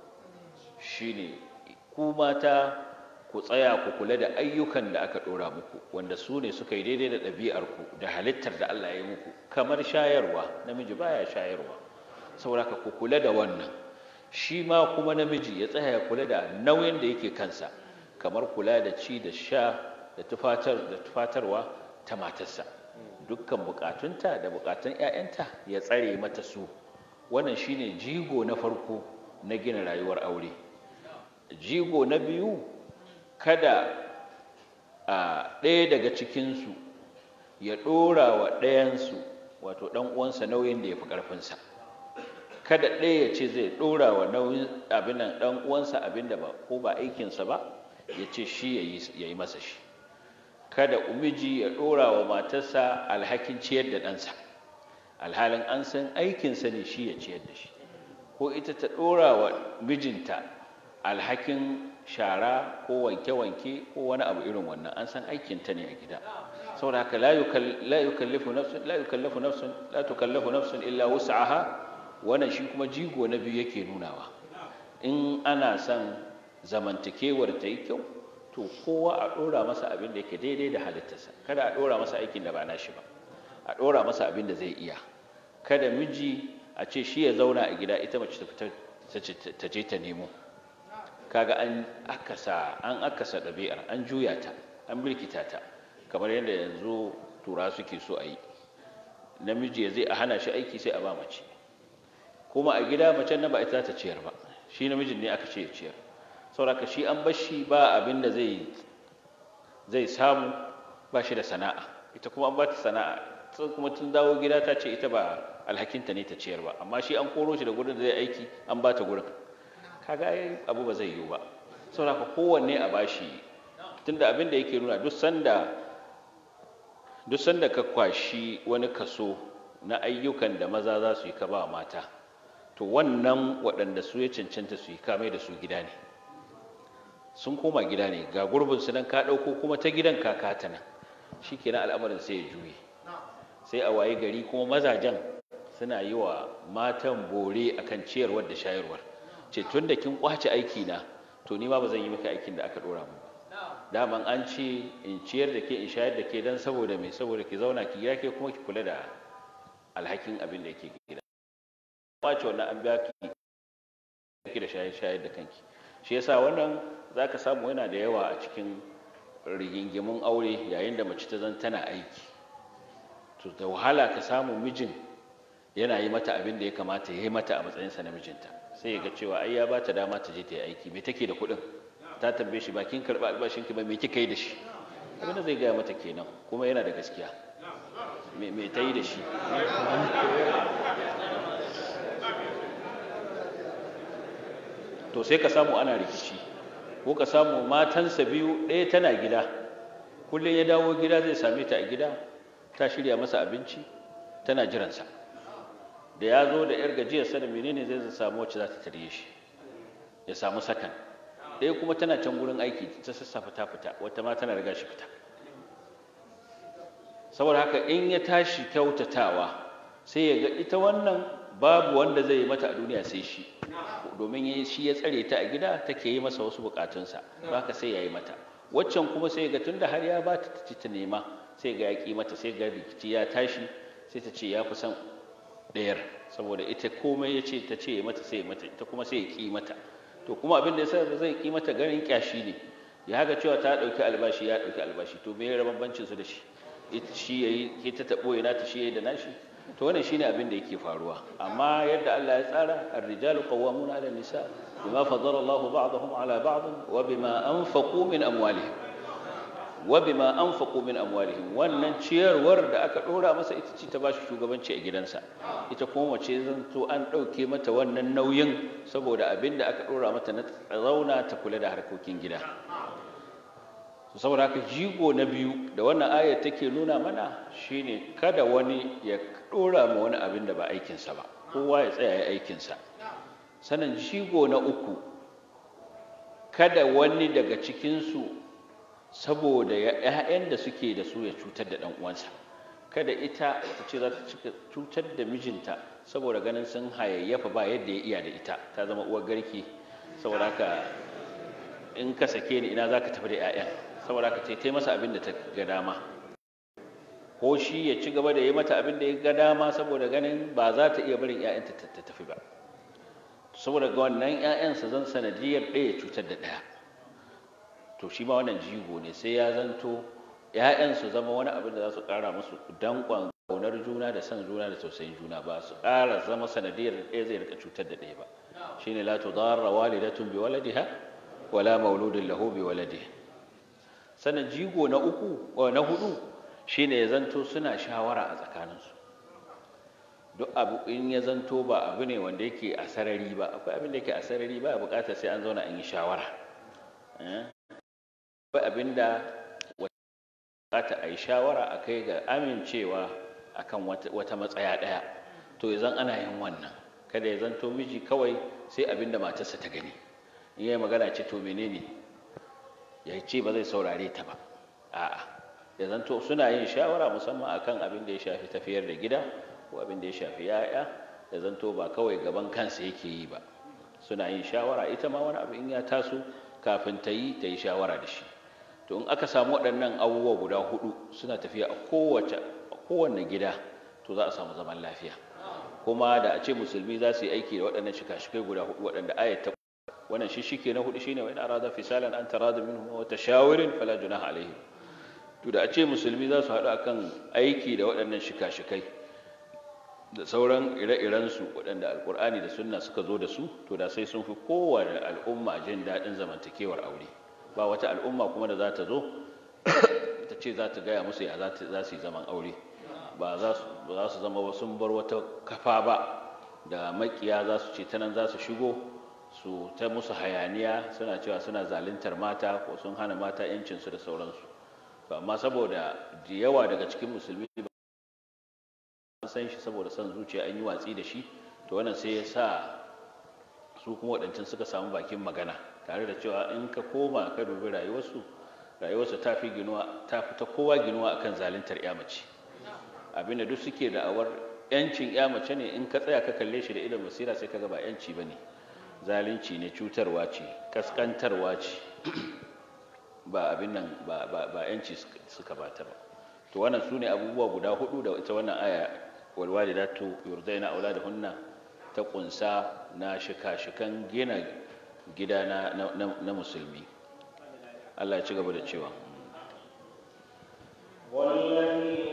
shine ku mata ku tsaya ku kula da ayyukan da aka ɗora muku wanda su ne suka yi daidai da ɗabi'arku da halittar da Allah ya yi muku kamar shayarwa namiji baya shayarwa sauraka ku kula da wannan shi ma kuma namiji ya tsaya ya kula da nauyin da yake kansa kamar kula da ci da sha da tufatar da tufatarwa ta matarsa dukkan bukatunta da bukatun 'ya'yanta ya tsare mata su wannan shine jigo na farko na gina rayuwar aure jigo na biyu kada a ɗaya daga cikinsu ya ɗora wa ɗayansu wato ɗan uwansa nauyin da ya fi ƙarfinsa kada ɗaya ya ce zai ɗora wa nauyin abin ɗan uwansa abin da ba ko ba aikinsa ba ya ce shi ya yi masa shi kada umiji ya ɗora wa matarsa alhakin ciyar da ɗansa alhalin an san aikinsa ne shi ya ciyar da shi ko ita ta ɗora wa mijinta alhakin shara ko wanke-wanke ko wani abu irin wannan an san aikin ta ne a gida saboda haka la yukallafu nafsun la nafsun tukallafu nafsun illa wus'aha wannan shi kuma jigo na biyu yake nunawa in ana son zamantakewar ta yi kyau to kowa a ɗora masa abin da yake daidai da halittarsa kada a ɗora masa aikin da ba na shi ba a ɗora masa abin da zai iya kada miji a ce shi ya zauna a gida ita mace ta fita ta je ta nemo kaga an akasa an akasa ɗabi'ar an juya ta an birkita ta kamar yadda yanzu tura suke so a yi namiji zai a hana shi aiki sai a ba mace kuma a gida mace na ba ita ta ciyar ba shi namijin ne aka ce ya ciyar sauraka shi an bar shi ba abin da zai zai samu ba shi da sana'a ita kuma an ba ta sana'a sai kuma tun dawo gida ta ce ita ba alhakinta ne ta ciyar ba amma shi an koro shi da gudun da zai aiki an ba ta gurin kaga ai abu ba zai yiwu ba saboda haka kowanne a bashi tunda abin da yake nuna duk sanda ka kwashi wani kaso na ayyukan da maza za su yi ka ba mata to wannan waɗanda su ya cancanta su yi kame da su gida ne sun koma gida ne ga gurbin su nan ka ɗauko kuma ta gidan kaka ta nan shi kenan al'amarin sai ya juye sai a waye gari kuma mazajen suna yi wa matan bore akan ciyarwar da shayarwar ce tun da kin kwace aiki na to ni ma ba zan yi maka aikin da aka dora mu. ba daman an ce in ciyar da ke in shayar da ke dan saboda mai saboda ki zauna ki gida ke kuma ki kula da alhakin abin da yake gida kwace wannan an biya ki ki da shayar shayar da kanki shi yasa wannan zaka samu yana da yawa a cikin rigingimun aure yayin da mace ta zan tana aiki to da wahala ka samu mijin yana yi mata abin da ya kamata ya yi mata a matsayinsa na mijinta sai ga cewa ai ya bata dama ta je ta yi aiki me take da kuɗin ta tambaye shi bakin karɓa albashin ki ba me kika yi da shi abin da zai gaya mata kenan kuma yana da gaskiya me ta yi da shi to sai ka samu ana rikici ko ka samu matansa biyu ɗaya tana gida kullum ya dawo gida zai same ta a gida ta shirya masa abinci tana jiransa da ya zo da yar gajiyar sa da menene zai samu wacce za ta tarye shi ya samu sakan ɗaya kuma tana can gurin aiki ta sassa fita fita wata ma tana riga shi fita saboda haka in ya tashi kyautatawa sai ya ga ita wannan babu wanda zai yi mata a duniya sai shi domin shi ya tsare ta a gida take yi masa wasu bukatunsa ba ka sai ya yi mata waccan kuma sai ga tunda har ya ba ta ta nema sai ga ya mata sai ga rikici ya tashi sai ta ce ya fi son ɗayar saboda ita komai ya ce ta ce mata sai mata ita kuma sai ya ƙi mata to kuma abin da yasa zai ƙi mata ganin ƙyashi ne ya haka cewa ta ɗauki albashi ya ɗauki albashi to me ya bambancin su da shi ita shi yayi ke ta tabo yana ta shi yi da nashi to wannan shine abin da yake faruwa amma yadda Allah ya tsara ar-rijalu qawwamuna 'ala nisa bima fadala Allahu ba'dahum 'ala ba'd wa bima anfaqu min amwalihim wa bima anfaqu min amwalihim wannan ciyarwar da aka dora masa ita ce ta bashi shugabanci a gidansa ita kuma mace zan to an dauke mata wannan nauyin saboda abin da aka dora mata na zauna ta kula da harkokin gida saboda haka jigo na biyu da wannan aya take nuna mana shine kada wani ya dora ma wani abin da ba aikinsa ba kowa ya tsaya ya aikinsa sanan jigo na uku kada wani daga cikinsu saboda ‘ya'yan da suke da su ya cutar da ɗan kada ita ta ce za ta cutar da mijinta saboda ganin sun hayayyafa ba yadda ya iya da ita ta zama uwar garki saboda haka in ka sake ni ina za ka tafi da ‘ya'yan saboda haka ta masa abin da ta ga dama ko shi ya ci gaba da yi mata abin da ya ga dama saboda ganin ba za ta iya barin ‘ya'yanta ta tafi ba saboda ga wannan ‘ya'yansa zan sanadiyar ɗaya cutar da ɗaya to shi ma wannan jigo ne sai ya zanto ‘ya'yan su zama wani abin da za su ƙara musu danƙon ƙaunar juna da san juna da tausayin juna ba su ƙara zama sanadiyar da ɗaya zai rika cutar da ɗaya ba shi ne la tudarra walidatun bi waladiha wala mauludin lahu bi waladiha sannan jigo na uku na hudu shi ne ya zanto suna shawara a tsakaninsu duk abu in ya zanto ba abu ne wanda yake a sarari ba akwai abin da yake a sarari ba bukatar sai an zauna an yi shawara eh? akwai abin da wata a yi shawara a kai ga amincewa a kan wata matsaya ɗaya to ya zan ana yin wannan kada ya zanto miji kawai sai abin da matarsa ta gani in yi magana ce to menene ya ce ba zai saurare ta ba a'a ya zanto suna yin shawara musamman akan abin da ya shafi tafiyar da gida ko abin da ya shafi ya'ya ya zanto ba kawai gaban kansa yake yi ba suna yin shawara ita ma wani abu in ya taso kafin ta yi ta yi shawara da shi to in aka samu waɗannan abubuwa guda hudu suna tafiya a kowace kowanne gida to za a samu zaman lafiya kuma da a ce musulmi za su yi aiki da waɗannan shika-shikai guda hudu waɗanda ayat ta wannan shi shike na hudu shine wa in arada fisalan an tarada minhum wa tashawirin fala junaha alaihim to da a ce musulmi za su haɗu akan aiki da waɗannan shika-shikai da sauran ire iren su waɗanda alkur'ani da sunna suka zo da su to da sai sun fi kowa da al'umma jin daɗin zamantakewar aure ba wata al'umma kuma da za ta zo ta ce za ta gaya musu ya za su yi zaman aure ba za su zama sun bar wata kafa ba da makiya za su ce ta nan za su shigo su ta musu hayaniya suna cewa suna zaluntar mata ko sun hana mata 'yancinsu da sauransu amma saboda da yawa daga cikin musulmi ba san shi saboda son zuciya an yi watsi da shi to wannan sai ya sa su kuma waɗancan suka samu bakin magana tare da cewa in ka koma ka dubi rayuwarsu rayuwarsu ta fi ginuwa ta fi ta kowa ginuwa akan zaluntar ya mace abinda duk suke da awar yancin ya mace ne in ka tsaya ka kalle shi da idan basira sai ka ga ba yanci bane zalunci ne cutarwa ce kaskantarwa ce ba abin nan ba yanci suka bata ba to wannan su ne abubuwa guda hudu da ita wannan aya walwalidatu yurdaina auladahunna ta kunsa na shika-shikan gina gida na musulmi Allah ya ci gaba da cewa wallahi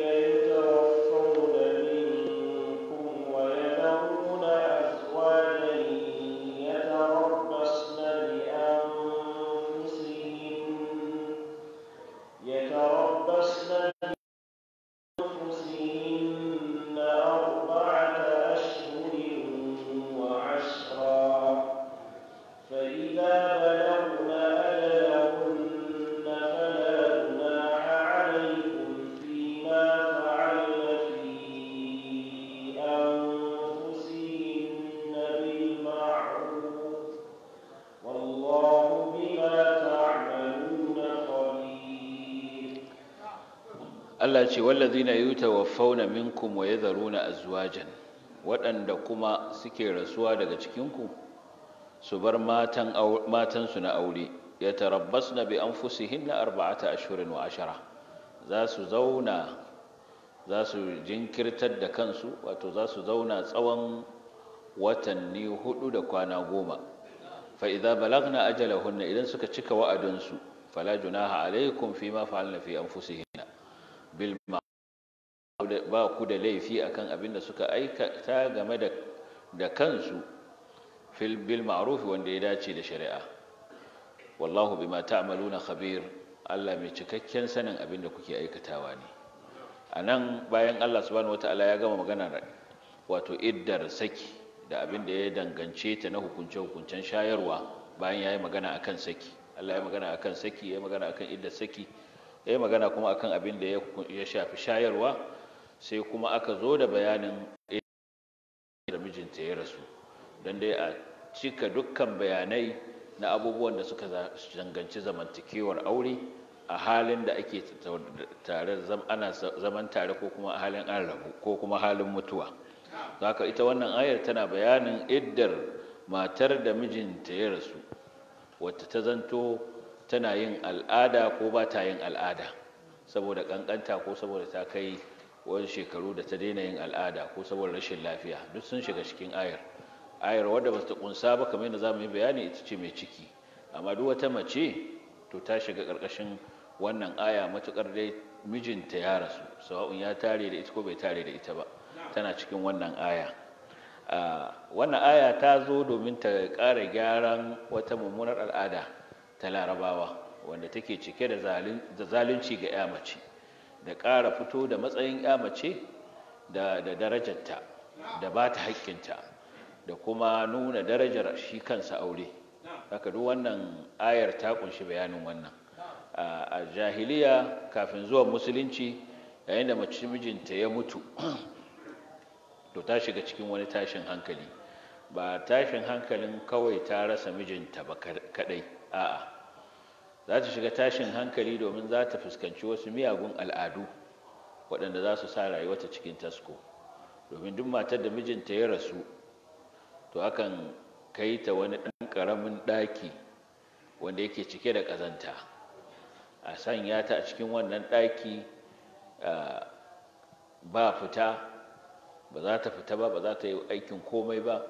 Allah ce wallazina yutawaffawna minkum wa yadharuna azwajan waɗanda kuma suke rasuwa daga cikinku su bar matan matansu na aure ya tarabbasna bi anfusihinna arba'ata ashhurin wa ashara za su zauna za su jinkirtar da kansu wato za su zauna tsawon watanni hudu da kwana goma fa idza balagna ajalahunna idan suka cika su fala junaha alaikum fima fa'alna fi anfusihim bilma ba ku da laifi akan abin da suka aikata game da kansu fil bil ma'arufi wanda ya dace da shari'a wallahu bima na khabir Allah mai cikakken sanin abin da kuke aikatawa ne nan bayan Allah subhanahu wataala ya gama magana wato iddar saki da abin da ya dangance ta na hukunce hukuncen shayarwa bayan ya yi magana akan saki Allah ya magana akan saki ya magana akan iddar saki ya yi magana kuma akan abin da ya shafi shayarwa sai kuma aka zo da bayanin da mijinta ya rasu don dai a cika dukkan bayanai na abubuwan da suka zanganci zamantakewar aure a halin da ake tare ana zaman tare ko kuma halin an rabu ko kuma halin mutuwa ka ita wannan ayar tana bayanin iddar matar da mijinta ya rasu wata ta zanto tana yin al'ada ko ba ta yin al'ada saboda kankanta ko saboda ta kai wani shekaru da ta daina yin al'ada ko saboda rashin lafiya duk sun shiga cikin ayar ayar wadda ba ta kunsa ba kamar yadda za mu yi bayani ita ce mai ciki amma duk wata mace to ta shiga ƙarƙashin wannan aya matuƙar dai mijinta ya rasu sawa'un ya tare da ita ko bai tare da ita ba tana cikin wannan aya ah, wannan aya ta zo domin ta ƙara gyaran wata mummunar al'ada ta larabawa wanda take cike da zalunci ga ya mace da ƙara fito da matsayin ya mace da darajarta da ba ta haƙƙinta da kuma nuna darajar shi kansa aure haka duk wannan ayar ta kunshi bayanin wannan a jahiliya kafin zuwan musulunci yayin da mace mijinta ya mutu <clears throat> to ta shiga cikin wani tashin hankali ba tashin hankalin kawai ta rasa mijinta ba kadai a'a za ta shiga tashin hankali domin za ta fuskanci wasu miyagun al'adu waɗanda za su sa rayuwata cikin tasko domin duk matar da mijinta ya rasu to akan kai ta wani ɗan ƙaramin ɗaki wanda yake cike da ƙazanta a sanya ta a cikin wannan ɗaki ba fita ba za ta fita ba ba za ta yi aikin komai ba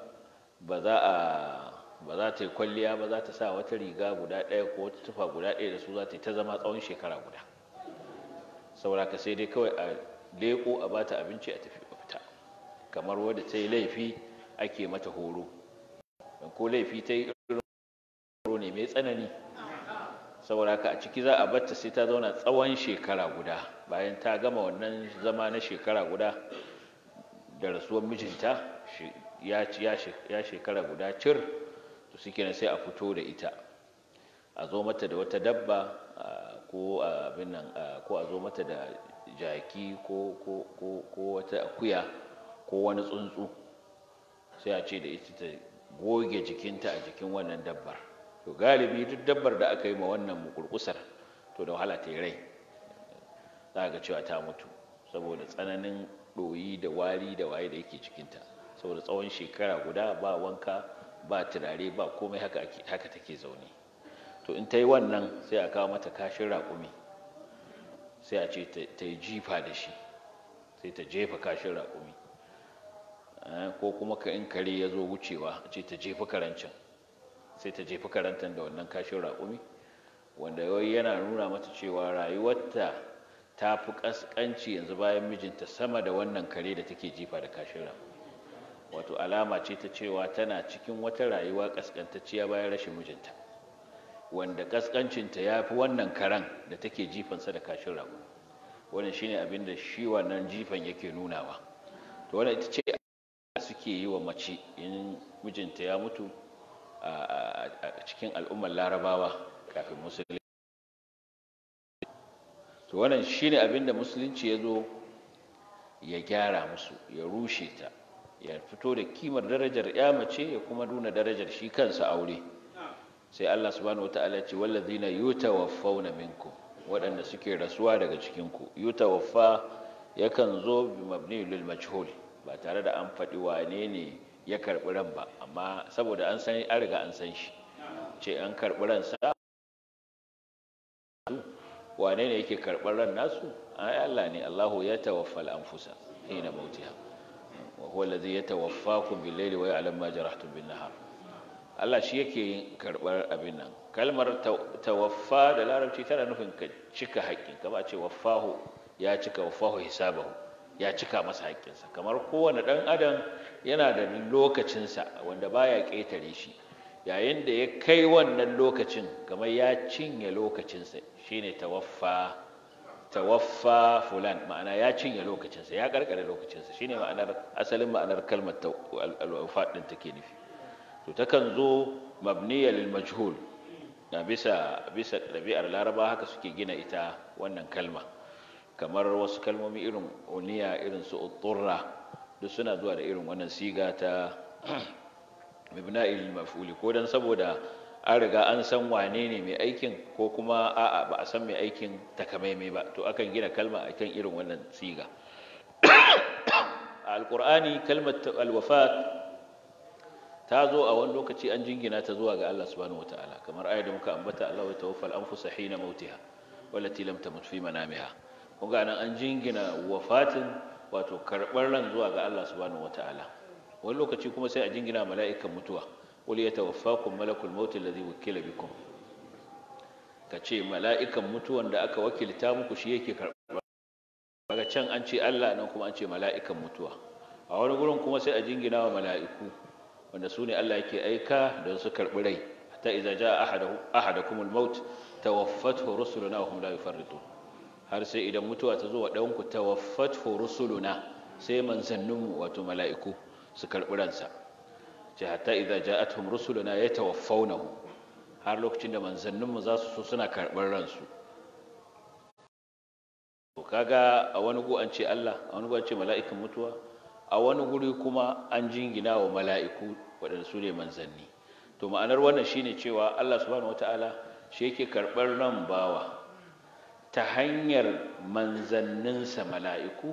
ba za a ba za ta yi kwalliya ba za ta sa wata riga guda ɗaya ko wata tufa guda ɗaya da su za ta yi ta zama tsawon shekara guda sauraka sai dai kawai a leƙo a ba ta abinci a tafi fita kamar wadda ta yi laifi ake mata horo ko laifi ta yi horo ne mai tsanani sauraka a ciki za a batta sai ta zauna tsawon shekara guda bayan ta gama wannan zama na shekara guda da rasuwar mijinta ya shekara guda cir to na sai a fito da ita a zo mata da wata dabba ko a zo mata da jaki ko ko wata akuya ko wani tsuntsu sai a ce da ita ta goge jikinta a jikin wannan dabbar to galibi duk dabbar da aka yi ma wannan mukurkusar to da wahala ta yi rai za ga cewa ta mutu saboda tsananin ɗoyi da wari da waye da yake cikinta saboda tsawon shekara guda ba wanka ba turare ba komai haka take zaune to in ta yi wannan sai a kawo mata kashin raƙumi sai a ce ta yi jifa da shi sai ta jefa kashin raƙumi eh, ko kuma ka in kare ya zo wucewa a ce ta jefa karancin sai ta jefa karantar da wannan kashin raƙumi wanda yawai yana nuna mata cewa rayuwarta ta fi ƙasƙanci yanzu bayan mijinta sama da wannan kare da take jifa da kashin raƙumi wato alama ce ta cewa tana cikin wata rayuwa kaskantacciya bayan rashin mijinta wanda kaskancinta ya fi wannan karan da take jifansa da kashin rago wannan shine abin da shi wannan jifan yake nunawa to wannan ita ce suke yi wa mace in mijinta ya mutu a cikin al'ummar larabawa kafin musulunci to wannan shine abin da musulunci ya zo ya gyara musu ya rushe ta ya fito da kimar darajar ya mace ya kuma nuna darajar shi kansa aure sai Allah subhanahu wataala ce wallazina yutawaffawna minkum waɗanda suke rasuwa daga cikin ku yutawaffa yakan zo bi mabni lil majhul ba tare da an faɗi wane ne ya karɓi ran ba amma saboda an san an an san shi ce an karɓi ran sa wane ne yake karɓar ran nasu ai Allah ne Allahu ya tawaffal anfusa hina mautiha wa huwa allazi yatawaffakum bil layli wa ya'lamu ma jarahtum bin nahar Allah shi yake karbar abin nan kalmar tawaffa da larabci tana nufin ka cika haƙƙin ka ba ce waffahu ya cika waffahu hisabahu ya cika masa haƙƙinsa kamar kowane ɗan adam yana da lokacinsa wanda baya ƙetare shi yayin da ya kai wannan lokacin kamar ya cinye lokacinsa shine tawaffa tawaffa fulan ma'ana ya cinye lokacinsa ya karkare lokacinsa shine ma'anar asalin ma'anar kalmar al-wafat din take nufi to takan zo mabniya lil majhul na bisa bisa ɗabi'ar laraba haka suke gina ita wannan kalma kamar wasu kalmomi irin uniya irin su utturra duk suna zuwa da irin wannan siga ta <clears throat> mabna'il maf'uli ko dan saboda an riga an san wane ne mai aikin ko kuma a'a ba a san mai aikin takamaimai ba to akan gina kalma kan irin wannan siga a <coughs> alkur'ani kalmar alwafat ta zo a wani lokaci an jingina ta zuwa ga Allah subhanahu wataala kamar ayar da muka ambata Allah ya an anfusa hina mautiha wallati lam tamut fi manamiha kun ga nan an jingina wafatin wato karbar ran zuwa ga Allah subhanahu wataala wani lokaci kuma sai a jingina mala'ikan mutuwa qul yatawaffakum malakul maut alladhi wukila bikum kace mala'ikan mutuwan da aka wakilta muku shi yake karɓa daga can an ce Allah nan kuma an ce mala'ikan mutuwa a wani gurin kuma sai a jingina wa mala'iku wanda su ne Allah yake aika don su karɓi rai hatta idza jaa ahadakum al-maut tawaffathu rusuluna wa hum la yufarritun har sai idan mutuwa ta zo wa ɗanku tawaffathu rusuluna sai manzanninmu wato mala'iku su karɓi ransa hatta idza ja'atuhum rusuluna yatawaffawnahu har lokacin da manzanninmu za su so suna karɓar ransu to kaga a wani gu an ce Allah a wani gu an ce mala'ikan mutuwa a wani guri kuma an jingina wa mala'iku waɗanda su ne manzanni to ma'anar wannan shine cewa Allah subhanahu wata'ala shi yake karɓar ran bawa ta hanyar manzanninsa mala'iku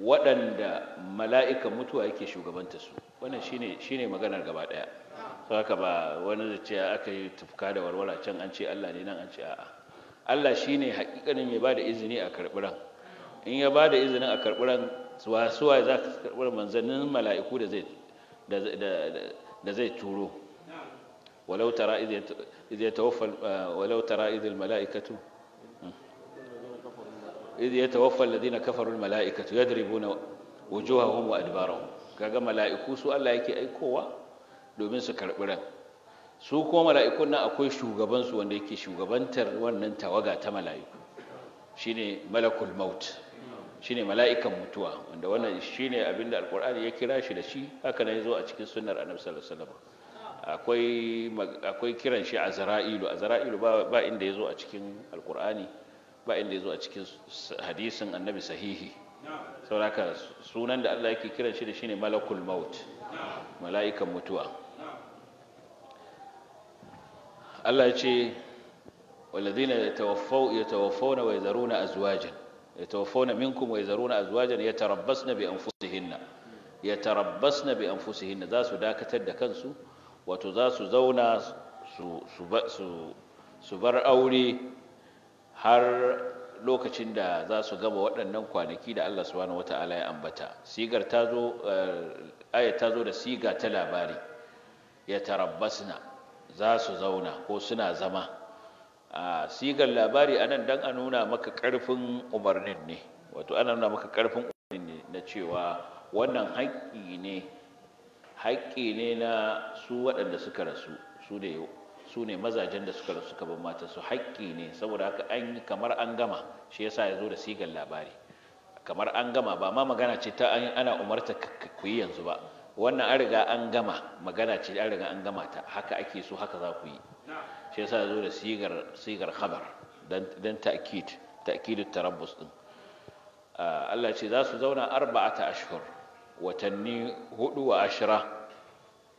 waɗanda mala'ikan mutuwa yake shugabanta su wannan shine shine maganar gaba ɗaya to haka ba wani da ce aka yi tufka da warwara can an ce Allah ne nan an ce a'a Allah shine hakikanin mai bada izini a karɓiran in ya bada izinin a karɓiran suwa suwa za ka karɓi manzannin mala'iku da zai da zai turo walau tara idh yatawaffa walau tara idh al mala'ikatu idh yatawaffa alladhina kafaru almala'ikatu yadribuna wujuhahum wa adbarahum kaga mala'iku su Allah yake aikowa domin su karbi ran su kuma mala'ikun nan akwai shugaban su wanda yake shugabantar wannan tawaga ta mala'iku shine malakul maut shine mala'ikan mutuwa wanda wannan shine abinda alqur'ani ya kira shi da shi haka ne yazo a cikin akwai akwai kiran shi azra'ilu azra'ilu ba ba inda yazo a cikin alqur'ani ba da ya zo a cikin hadisin annabi sahihi sauraka sunan da Allah yake kiran shi da shine malakul maut mala'ikan mutuwa Allah ya ce walladhina yatawaffaw yatawaffawna wa yadharuna azwajan yatawaffawna minkum wa ya tarabbas na bi an ya tarabbas na bi an anfusihinna za su dakatar da kansu wato za su zauna su su bar aure har lokacin da za su gaba waɗannan kwanaki da Allah subhanahu wata'ala ya ambata sigar ta zo eh, aya ta zo da siga ta labari ya tarabbasna za su zauna ko suna zama a sigar labari anan dan a nuna maka ƙarfin umarnin ne wato ana nuna maka ƙarfin umarnin ne na cewa wannan haƙƙi ne haƙƙi ne na su waɗanda suka rasu su da su ne mazajen da suka rasu kaban mata su haƙƙi ne saboda haka an kamar an gama shi yasa ya zo da sigar labari kamar an gama ba ma magana ce ta ana umarta ku yi yanzu ba wannan an riga an gama magana ce an riga an gama ta haka ake so haka za ku yi shi yasa ya zo da sigar sigar khabar dan ta'kid ta'kidut tarabbus din ah, Allah ce za su zauna arba'ata ashhur watanni hudu wa ashira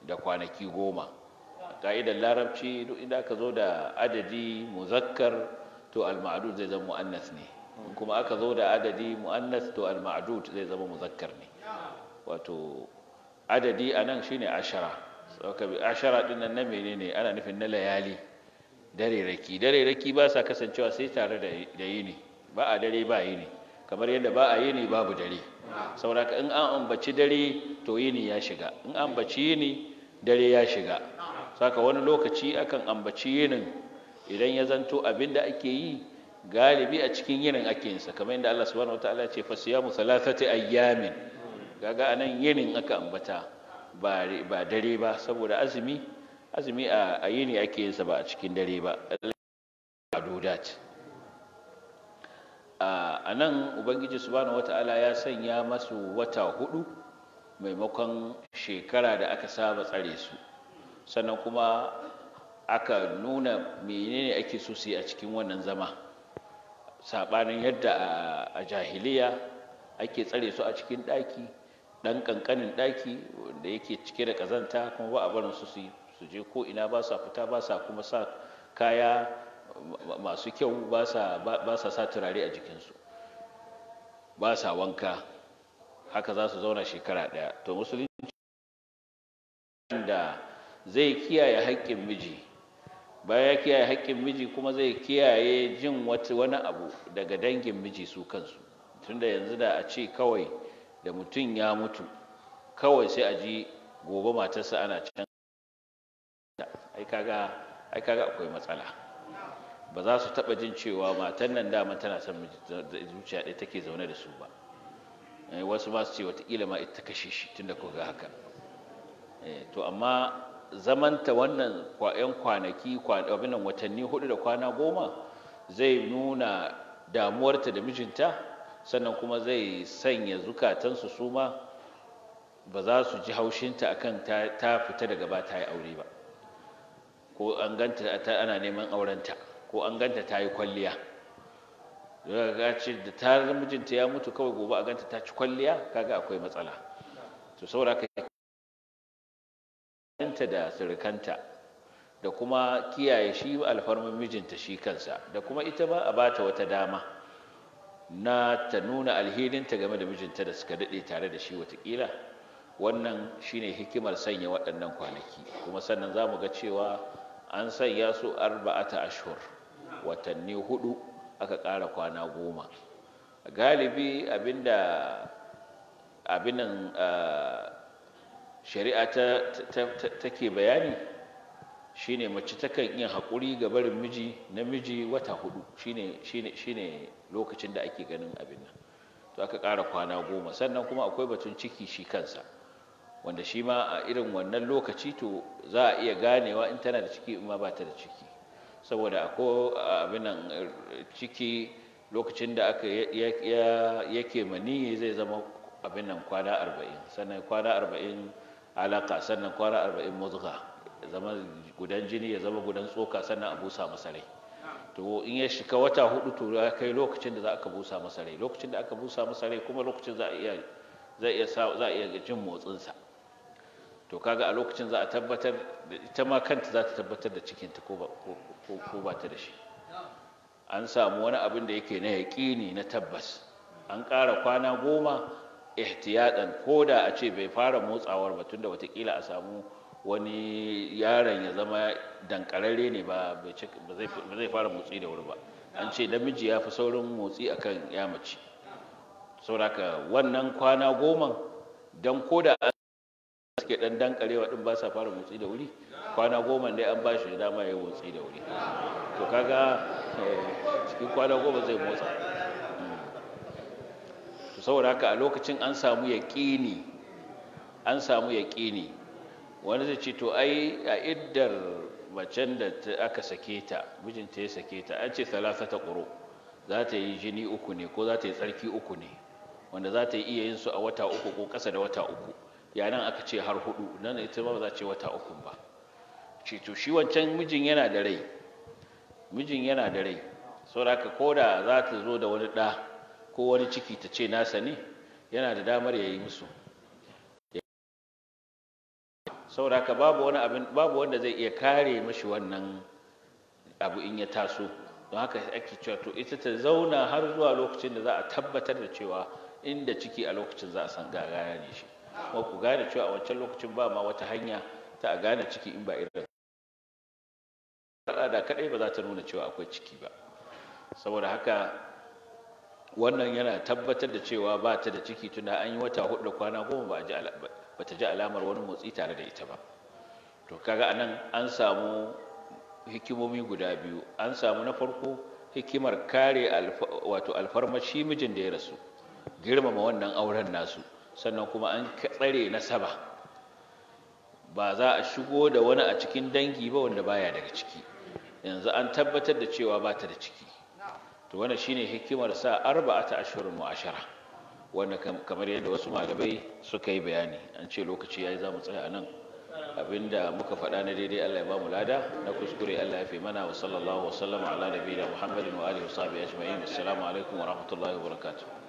da kwanaki goma ka'idar larabci duk inda aka zo da adadi muzakkar to al-ma'dud zai zama mu'annas ne kuma aka zo da adadi mu'annas to al-ma'dud zai zama muzakkar ne wato adadi anan shine ashara saboda bi ashara din nan na menene ana nufin na layali dare raki dare raki ba sa kasancewa sai tare da yini ba a dare ba yini kamar yadda ba a yini babu dare saboda in an ambaci dare to yini ya shiga in an ambaci yini dare ya shiga saka wani lokaci akan ambaci yinin idan ya zanto abinda ake yi galibi a cikin yinin ake yin sa kamar inda Allah subhanahu wataala ya ce siyamu salasati ayyamin kaga anan yinin aka ambata ba ba dare ba saboda azumi azumi a yini ake yin sa ba a cikin dare ba adudat a nan ubangiji subhanahu wataala ya sanya masu wata hudu maimakon shekara da aka saba tsare su sannan kuma aka nuna menene ake so su yi a cikin wannan zama saɓanin yadda a jahiliya ake tsare su a cikin ɗaki ɗan ƙanƙanin ɗaki da yake cike da ƙazanta kuma ba a barin su su je ko ina ba sa fita ba sa kuma sa kaya masu kyau ba sa sa turare a jikinsu ba sa wanka haka za su zauna shekara ɗaya to musulunci da zai kiyaye haƙƙin miji baya kiyaye haƙƙin miji kuma zai kiyaye jin wata wani abu daga dangin miji su kansu tunda yanzu da a ce kawai da mutum ya mutu kawai sai a ji gobe matarsa ana can ai kaga akwai matsala ba za su taɓa jin cewa matan nan dama tana son zuciya ɗaya take zaune da su ba eh, wasu ba su ce watakila ma ita kashe shi tunda ko ga haka eh, to amma zamanta wannan yan kwanaki abinan watanni hudu da kwana goma zai nuna damuwarta da mijinta sannan kuma zai sanya zukatansu su ma ba za su ji haushinta akan ta fita daga ba ta yi aure ba ko an ganta ana neman aurenta ko an ganta ta yi kwalliya daga ce da tarar mijinta ya mutu kawai gobe a ganta ta ci kwalliya kaga akwai matsala to saboda ɗanta da surukanta da kuma kiyaye shi alfarmar mijinta shi kansa da kuma ita ba a bata wata dama na ta nuna alhininta game da mijinta da suka daɗe tare da shi watakila wannan shine hikimar sanya waɗannan kwanaki kuma sannan za mu ga cewa an sanya su arba'ata ashur watanni hudu aka ƙara kwana goma galibi abinda abinan uh, ah, shari'a take bayani shine mace takan yin haƙuri ga barin miji namiji wata hudu shine lokacin da ake ganin abin nan to aka ƙara kwana goma sannan kuma akwai batun ciki shi kansa wanda shi ma a irin wannan lokaci to za a iya ganewa in tana da ciki in ma ba ta da ciki saboda akwai abin nan ciki lokacin da aka yake maniyi zai zama abin nan kwana arba'in sannan kwana arba'in alaka sannan kwana arba'in mazuka ya zama gudan jini ya zama gudan tsoka sannan a busa masarai. to in ya shiga wata hudu to ya kai lokacin da za ka busa masa rai lokacin da aka busa masa rai kuma lokacin za a iya za a jin motsinsa to kaga a lokacin za a tabbatar da ita ma kanta za ta tabbatar da cikinta ko ba ta da shi an samu wani abin da yake na yaƙini na tabbas an ƙara kwana goma ihtiyadan ko da a ce bai fara motsawar ba tunda watakila a samu wani yaron ya zama dankararre ne ba zai fara motsi da wuri ba an ce namiji ya fi saurin motsi akan ya mace sauraka wannan kwana goma don ko da an suke dan dankarewa din ba sa fara motsi da wuri kwana goma dai an ba shi dama ya motsi da wuri to kaga eh, cikin kwana goma zai motsa to saboda haka a lokacin an samu yaƙini an samu yaƙini wani zai ce to ai a iddar macen da aka sake ta mijinta ya sake ta an ce ta ƙuro za ta yi jini uku ne ko za ta yi tsarki uku ne wanda za ta iya yin su a wata uku ko ƙasa da wata uku yanan aka ce har hudu nan ita ma ba za ce wata uku ba ce to shi wancan mijin yana da rai mijin yana da rai saboda haka ko da za ta zo da wani ɗa ko wani ciki ta ce nasa ne yana da damar ya yi musu sauraka babu wani abin babu wanda zai iya kare mashi wannan abu in ya taso don haka ake cewa to ita ta zauna har zuwa lokacin da za a tabbatar da cewa inda ciki a lokacin za a san gagaya ne shi kuma ku gane cewa a wancan lokacin ba ma wata hanya ta a gane ciki in ba irin Da kadai ba za ta nuna cewa akwai ciki ba saboda haka wannan yana tabbatar da cewa ba ta da ciki tunda an yi wata hudu da kwana goma ba ta ji alamar wani motsi tare da ita ba to kaga anan an samu hikimomi guda biyu an samu na farko hikimar kare wato alfarmashi mijin da ya rasu girmama wannan auren nasu sannan kuma an tsare nasaba ba za a shigo da wani a cikin dangi ba wanda baya daga ciki yanzu an tabbatar da cewa ba ta da ciki to wannan shine hikimar sa arba'ata ashhurun mu'ashara wanda kamar yadda wasu malamai suka yi bayani an ce lokaci yayi za mu tsaya nan abinda muka faɗa na daidai Allah ya ba mu lada na kuskure Allah ya fi mana wa sallallahu wa sallama ala nabiyina Muhammadin wa alihi wa sahbihi ajma'in assalamu alaikum wa rahmatullahi wa barakatuh